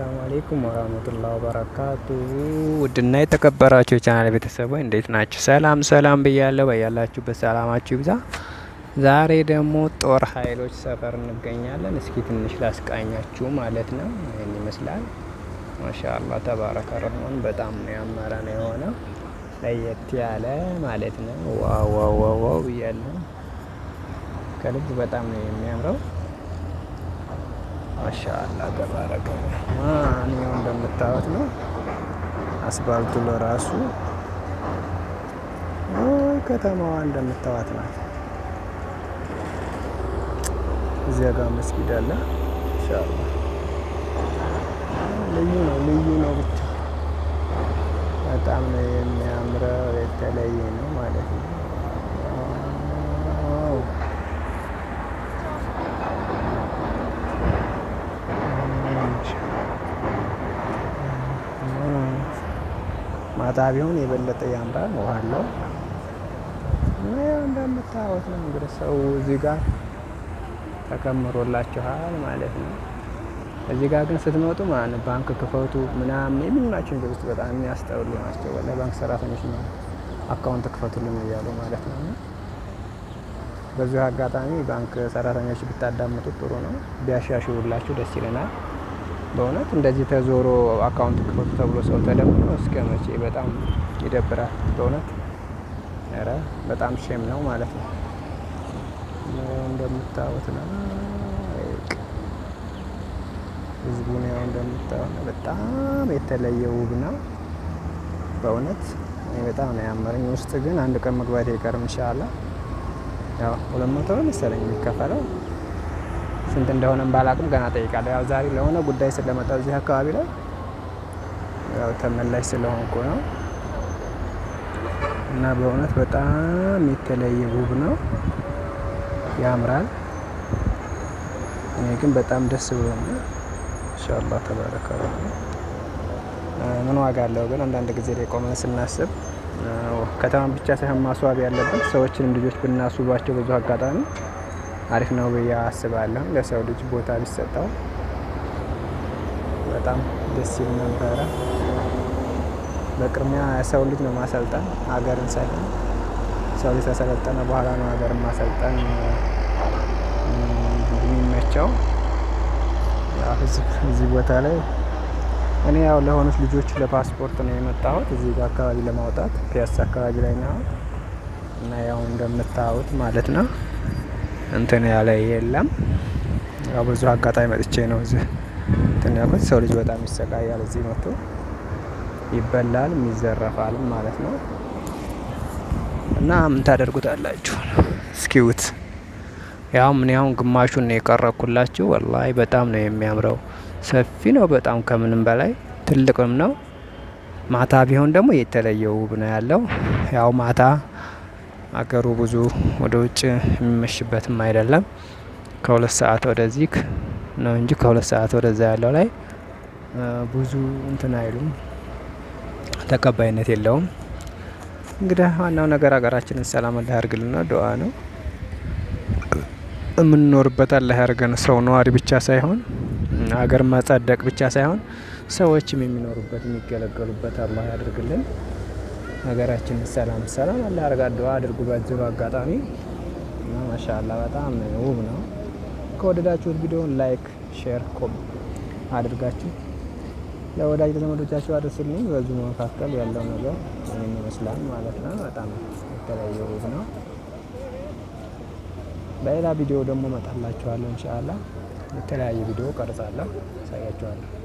ሰላም አለይኩም ወራህመቱላሂ ወበረካቱ ውድና የተከበራችሁ ቻናል ቤተሰቦች እንዴት ናችሁ? ሰላም ሰላም ብያለሁ። በያላችሁበት ሰላማችሁ ይብዛ። ዛሬ ደግሞ ጦር ኃይሎች ሰፈር እንገኛለን። እስኪ ትንሽ ላስቃኛችሁ ማለት ነው። ይህን ይመስላል። ማሻአላህ ተባረከ ረህማን። በጣም ነው ነው የሆነ ለየት ያለ ማለት ነው። ዋው ዋው ዋው ብያለሁ። ከልብ በጣም ነው የሚያምረው ማሻአላ ተባረከ። ማንኛው እንደምታዩት ነው። አስፋልቱ ለራሱ ከተማዋ እንደምታዩት ናት። እዚያ ጋር መስጊድ አለ። ልዩ ነው፣ ልዩ ነው ብቻ በጣም ነው የሚያምረው። የተለየ ነው ማለት ነው። ማታ ቢሆን የበለጠ ያምራል። ውሃ አለው እንደምታወት ነው እንግዲህ ሰው እዚህ ጋር ተከምሮላችኋል ማለት ነው። እዚህ ጋር ግን ስትመጡ ማለት ነው ባንክ ክፈቱ ምናምን የሚሉ ናቸው ነገሮች በጣም የሚያስጠሉ ናቸው። ወላሂ ባንክ ሰራተኞች ነው አካውንት ክፈቱልን እያሉ ማለት ነው። በዚሁ አጋጣሚ ባንክ ሰራተኞች ብታዳምጡት ጥሩ ነው፣ ቢያሻሽውላችሁ ደስ ይለናል። በእውነት እንደዚህ ተዞሮ አካውንት ክፈቱ ተብሎ ሰው ተደምሮ እስከ መቼ? በጣም ይደብራል በእውነት ኧረ በጣም ሼም ነው ማለት ነው። እንደምታዩት ነው ህዝቡ ነው እንደምታዩት ነው። በጣም የተለየ ውብ ነው በእውነት በጣም ነው ያመረኝ። ውስጥ ግን አንድ ቀን መግባት አይቀርም ኢንሻአላህ። ያው ሁለት መቶ ነው መሰለኝ የሚከፈለው ስንት እንደሆነም ባላቅም ገና ጠይቃለሁ። ያው ዛሬ ለሆነ ጉዳይ ስለመጣ እዚህ አካባቢ ላይ ያው ተመላሽ ስለሆንኩ ነው። እና በእውነት በጣም የተለየ ውብ ነው፣ ያምራል። እኔ ግን በጣም ደስ ብሎኛል። ኢንሻአላህ ተባረከ። ምን ዋጋ አለው ግን አንዳንድ ጊዜ ላይ ቆመን ስናስብ ከተማ ብቻ ሳይሆን ማስዋብ ያለብን ሰዎችንም ልጆች ብናስውባቸው ብዙ አጋጣሚ አሪፍ ነው ብዬ አስባለሁ። ለሰው ልጅ ቦታ ቢሰጠው በጣም ደስ ይል ነበረ። በቅድሚያ ሰው ልጅ ነው ማሰልጠን ሀገርን ሳይሆን ሰው ልጅ ተሰለጠነ በኋላ ነው ሀገርን ማሰልጠን የሚመቸው። እዚህ ቦታ ላይ እኔ ያው ለሆኑት ልጆች ለፓስፖርት ነው የመጣሁት። እዚህ አካባቢ ለማውጣት ፒያሳ አካባቢ ላይ ነው እና ያው እንደምታዩት ማለት ነው እንትን ያለ የለም። ያው ብዙ አጋጣሚ መጥቼ ነው እዚህ እንትን ያልኩት። ሰው ልጅ በጣም ይሰቃያል እዚህ መጥቶ ይበላል፣ ይዘረፋልም ማለት ነው። እና ምን ታደርጉታላችሁ እስኪውት። ያው ምን ግማሹን ነው የቀረኩላችሁ። ወላሂ በጣም ነው የሚያምረው። ሰፊ ነው በጣም ከምንም በላይ ትልቅም ነው። ማታ ቢሆን ደግሞ የተለየ ውብ ነው ያለው ያው ማታ አገሩ ብዙ ወደ ውጭ የሚመሽበትም አይደለም። ከሁለት ሰዓት ወደዚህ ነው እንጂ ከሁለት ሰዓት ወደዛ ያለው ላይ ብዙ እንትን አይሉም፣ ተቀባይነት የለውም። እንግዲህ ዋናው ነገር ሀገራችንን ሰላም አላህ ያርግልና ዱአ ነው። የምንኖርበት አላህ ያርገን። ሰው ነዋሪ ብቻ ሳይሆን ሀገር ማጻደቅ ብቻ ሳይሆን ሰዎችም የሚኖሩበት የሚገለገሉበት አላህ ያደርግልን። ሀገራችን ሰላም ሰላም አለ አርጋደዋ አድርጉ። በዚሁ አጋጣሚ ማሻላ በጣም ውብ ነው። ከወደዳችሁት ቪዲዮን ላይክ፣ ሼር፣ ኮም አድርጋችሁ ለወዳጅ ለዘመዶቻችሁ አድርሱልኝ። በዚሁ መካከል ያለው ነገር ይህን ይመስላል ማለት ነው። በጣም የተለየ ውብ ነው። በሌላ ቪዲዮ ደግሞ መጣላችኋለሁ። እንሻላ የተለያየ ቪዲዮ ቀርጻለሁ፣ ያሳያችኋለሁ።